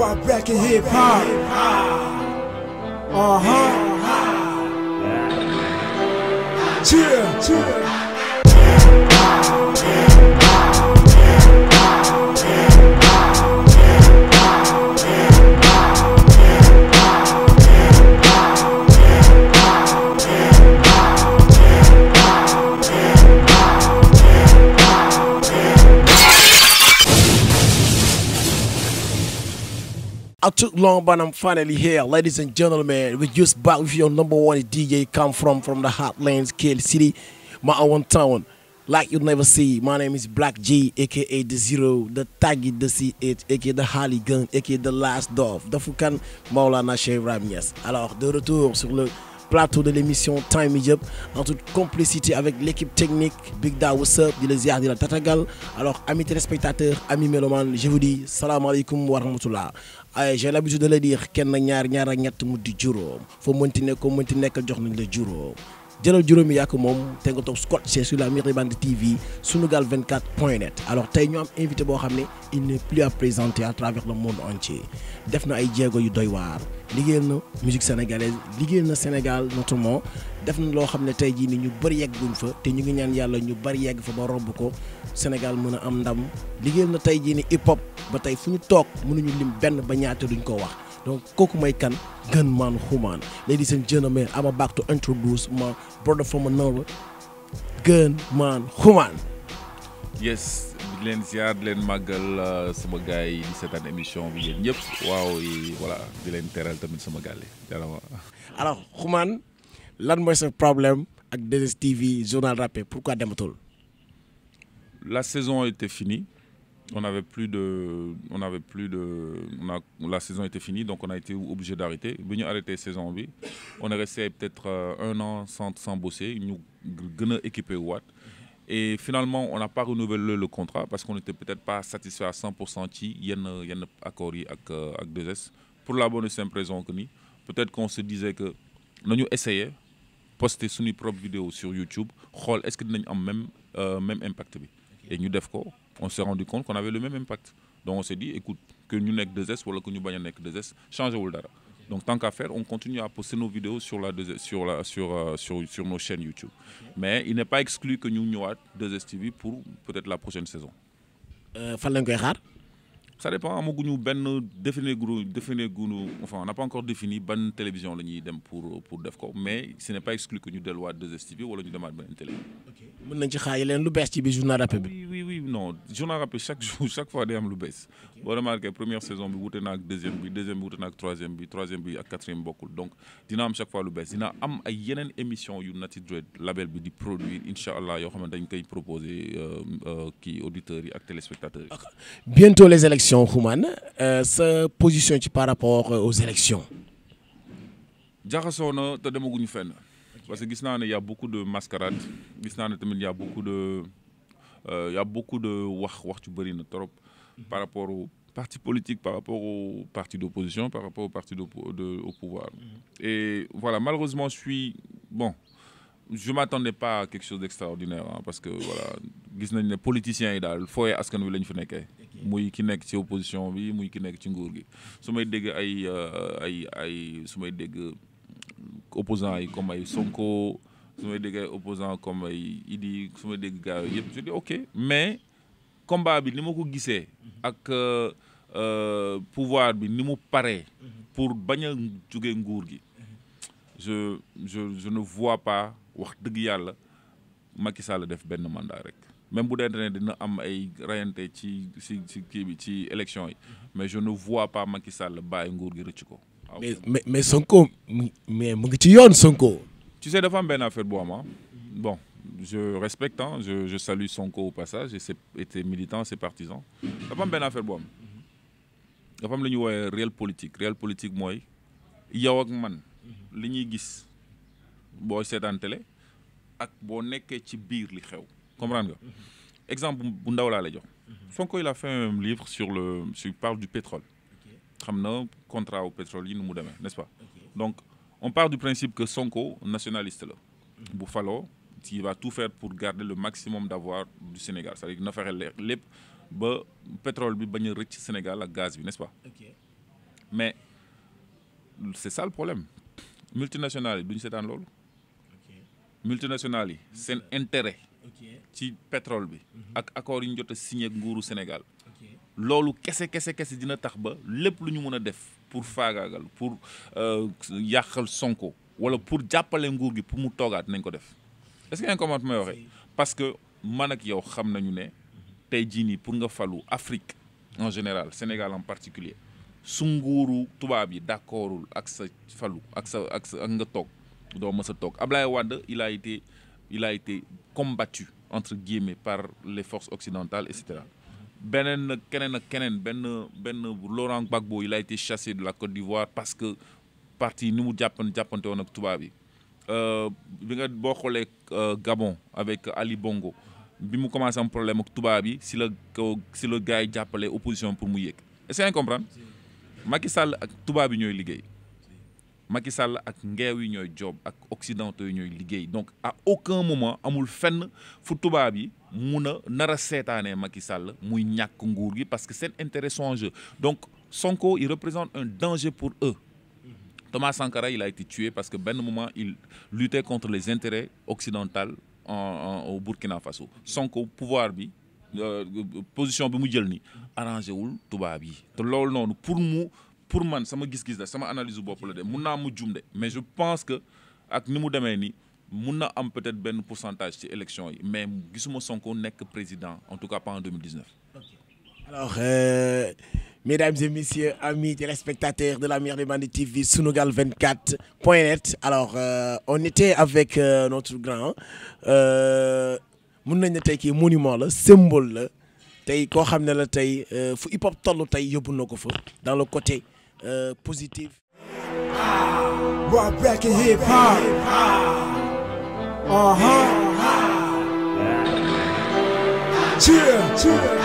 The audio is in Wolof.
rock back and hip hop. Uh huh. Chill, chill. I took long, but I'm finally here. Ladies and gentlemen, we just back with your number one DJ come from the Heartlands, Kill City, my own town. Like you'll never see, my name is Black G, aka The Zero, The Taggy, The CH, aka The Harley Gun, aka The Last Dove, The Fukan Maulana Shevram, yes. Alors, de retour sur plateau de l'émission Time is Up en toute complicité avec l'équipe technique Big Da What's Up di la ziar di la tatagal alors amis téléspectateurs amis mélomanes je vous dis salaamaaleykum wa rahmatullah ay j'ai l'habitude de le dire kenn ñaar ñaar ñett mu di juróom foo mënti nekk ko mënti nekkal jox nañ la juróom jëlal juróomi yàq moom te nga toog scotché sur la Miribande TV sunugal 24 point net alors tey ñu am invité boo xam ne il n'est plus à présenter à travers le monde entier def na ay jéego yu doy waar liggéeyal na musique sénégalaise liggéeyal na Sénégal notamment def na loo xam ne tey jii ni ñu bëri yegg guñ fa te ñu ngi ñaan yàlla ñu bëri yegg fa ba romb ko Sénégal mën a am ndam liggéeyal na tey jii ni hip hop ba tey fu ñu toog mënuñu lim benn ba ñaate ko wax donc kooku may kan Gunman Human ladies seen gentlemen I'm about to introduce my brother from another Gunman Human yes di leen ziar di leen màggal euh, sama gars yi di seetaan émission bi yéen ñëpp waaw voilà di leen teral tamit sama gàlle jarama alors Xuman lan mooy sa problème ak 2STV journal rappé pourquoi dematul la saison était finie on avait plus de plus de on a la saison était finie donc on a été obligé d'arrêter bi ñu arrêté saison bi on est resté peut-être euh, un an sans sans bosser ñu gën a équipé waat et finalement on n'a pas renouvelé le contrat parce qu'on était peut-être pas satisfait à 100% ci yenn yenn accords yi ak euh, ak 2 pour la bonne et simple que ni peut-être qu'on se disait que nañu essayer poster suñuy propre vidéo sur YouTube xool est-ce que dinañ am même euh, même impact bi ñu def ko on s'est rendu compte qu'on avait le même impact donc on s'est dit écoute que ñu nekk 2S wala que ñu bañ a nekk 2S changé dara donc tant qu'à on continue à poster nos vidéos sur la euh, sur nos chaînes YouTube mais il n'est pas exclu que ñu ñëwaat 2S TV pour peut-être la prochaine saison. Euh, fan lañ koy ça dépend amaguñu benn définir gu définir gu enfin on encore défini ban télévision la ñuy dem pour pour def ko mais ce n'est pas exclu que ñu delluwaat 2STV wala ñu demaat beneen télé. ok mën nañ ci xaar leen lu bees ci bi journal rap bi. oui oui oui non journal rap chaque jour chaque fois day am lu bees boo remarqué bi wute na ak deuxième bi deuxième bi wute na ak troisième bi troisième bi ak quatrième am chaque fois lu bees dina am ay yeneen émission yu Nati Dread label bi di produire incha allah yoo xam ne dañ koy proposer euh, euh, kii auditeurs yi ak téléspectateurs yi. bientôt élection Xuman euh, sa position ci par rapport euh, aux élections jaxasoo na te demaguñu fenn parce que gis naa ne y' a beaucoup de mascarade gis naa ne tamit y' a beaucoup de euh, y' a beaucoup wax wax ci bëri na trop par rapport au parti politique par rapport au parti d' opposition par rapport au parti de, de au pouvoir et voilà malheureusement suis bon je m'attendais pas à quelque chose d'extraordinaire ah parce que voilà gis nañ ne politiciens yi daal fooyee askan wi la ñu nekkee muy ki nekk ci opposition bi muy ki nekk ci nguur gi su may ay euh, ay ay su may yi comme ay Sonko su may dégg ay opposants comme ay Idi su may dégg je dis ok mais combat bi ni ma ko gisee ak euh, euh, pouvoir bi ni mu paree mhm. pour bañ a nguur gi je je je ne vois pas wax dëgg yàlla Macky Sall def benn mandat rek même bu dente ne dina am ay rayante ci ci kii bi ci élection yi mhm. mais je ne vois pas Macky Sall bàyyi nguur gi rëcc ko. mais mais Sonko mais mu ngi ci yoon Sonko. tu se dafa am benn affaire bu am ah. bon je respecte ah je je salue Sonko au passage et ses et militants ses benn affaire bu am dafa am lu ñuy woowee réel politique politique mooy yow man mhm. li gis. boo seetaan ak boo nekkee ci biir li xew comprendre nga mhm. exemple bu ndaw laa lay jox mhm. Sonko il a fait un livre sur le sur parle du pétrole xam na contrat au pétrole yi nu mu demee n'est-ce pas donc on part du principe que Sonko nationaliste la mhm. bu faloo il va tout faire pour garder le maximum d'avoir du Sénégal c'est-à-dire na fexe lépp ba pétrole bi bañ a rëcc Sénégal ak gaz bi n'est-ce pas mais c'est ça le problème multinationale yi duñu seetaan loolu multinationales yi seen mm-hmm. intérêt ci pétrole bi mm-hmm. ak accord yi ñu jot a signé ak nguuru Sénégal loolu kese kese kese dina tax ba lépp lu ñu mën a def pour faagaagal pour euh, yàqal Sonko wala pour jàppale nguur gi pour mu toogaat nañ ko def est-ce que yaa ngi commenté may waxee parce que man ak yow xam nañu ne tey jii nii pour nga falu Afrique en général Sénégal en particulier su nguuru tubaab yi d'accordul ak sa falu ak sa ak ak nga toog doo mës a toog Ablaye Wade il a été il a été combattu entre guillemets par les forces occidentales et beneen keneen a keneen benn benn Laurent Gbagbo il a été chassé de la Côte d'Ivoire parce que parti ni mu jàppan jàppante woon ak tubaab yi euh, bi nga boo xoolee euh, Gabon avec Ali Bongo bi mu commencé am problème ak tubaab yi si la ko si la gars yi jàppale opposition pour mu yéeg est-ce que comprendre Macky Sall ak tubaab yi ñooy liggéey Macky Sall ak ngeew yi ñooy job ak occidentaux yi ñooy liggéey donc à aucun moment amul fenn fu tubaab yi mun a nar a seetaanee Macky Sall muy ñàkk nguur gi parce que seen intérêt sont en jeu donc Sonko il représente un danger pour eux Thomas Sankara il a été tué parce que benn moment il luttait contre les intérêts occidentaux en, en au Burkina Faso Sonko pouvoir bi euh, position bi mu jël ni arrangé tubaab yi te noonu pour mu pour man sama gis-gis la sama analyse bopp la de mun naa mu jum de mais je pense que ak ni mu demee nii mun na am peut-être benn pourcentage ci élection yi mais gisuma Sonko nekk président en tout cas pas en 2019. ok alors euh, mesdames et messieurs amis téléspectateurs de la meilleure des bandes TV Sunugal 24 point net alors euh, on était avec euh, notre grand euh, mun nañ ne tey kii monument la symbole la tey koo xam ne la tey euh, fu hip hop toll tey yóbbu na ko fo dans le côté. Euh, positive. Rock back and hip hop. Uh